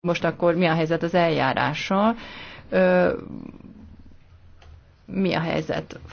most akkor mi a helyzet az eljárással, mi a helyzet